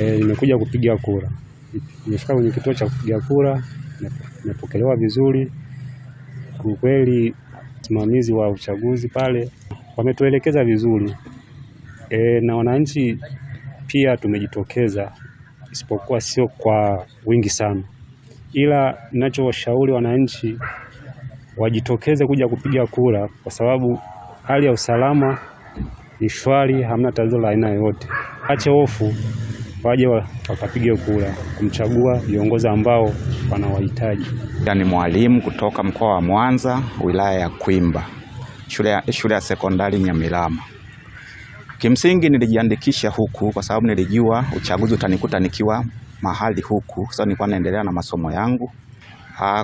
Eh, nimekuja e, kupiga kura. Nimefika kwenye kituo cha kupiga kura, nimepokelewa vizuri kiukweli. Msimamizi wa uchaguzi pale wametuelekeza vizuri e, na wananchi pia tumejitokeza, isipokuwa sio kwa wingi sana, ila ninachowashauri wananchi wajitokeze kuja kupiga kura, kwa sababu hali ya usalama ni shwari, hamna tatizo la aina yoyote. Ache hofu waje wakapige kura kumchagua viongozi ambao wanawahitaji. Ni mwalimu kutoka mkoa wa Mwanza, wilaya ya Kwimba, shule ya, shule ya sekondari Nyamilama. Kimsingi nilijiandikisha huku kwa sababu nilijua uchaguzi utanikuta nikiwa mahali huku, sasa nilikuwa naendelea na masomo yangu.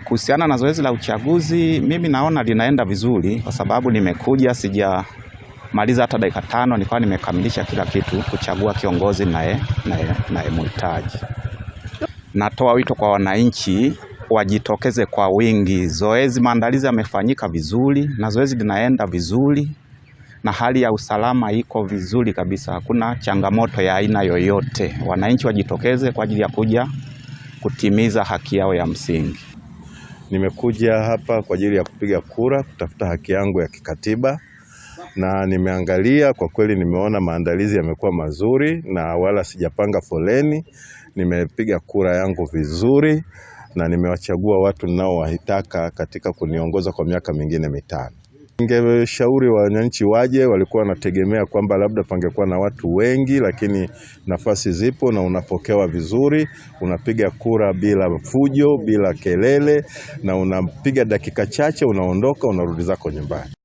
Kuhusiana na zoezi la uchaguzi, mimi naona linaenda vizuri kwa sababu nimekuja sija maliza hata dakika tano nikawa nimekamilisha kila kitu, kuchagua kiongozi nayemhitaji. Natoa wito kwa wananchi wajitokeze kwa wingi. Zoezi maandalizi yamefanyika vizuri na zoezi linaenda vizuri na hali ya usalama iko vizuri kabisa, hakuna changamoto ya aina yoyote. Wananchi wajitokeze kwa ajili ya kuja kutimiza haki yao ya msingi. Nimekuja hapa kwa ajili ya kupiga kura, kutafuta haki yangu ya kikatiba na nimeangalia kwa kweli, nimeona maandalizi yamekuwa mazuri na wala sijapanga foleni. Nimepiga kura yangu vizuri na nimewachagua watu ninaowahitaka katika kuniongoza kwa miaka mingine mitano. Ningeshauri wananchi waje, walikuwa wanategemea kwamba labda pangekuwa na watu wengi, lakini nafasi zipo na unapokewa vizuri. Unapiga kura bila fujo, bila kelele, na unapiga dakika chache, unaondoka, unarudi zako nyumbani.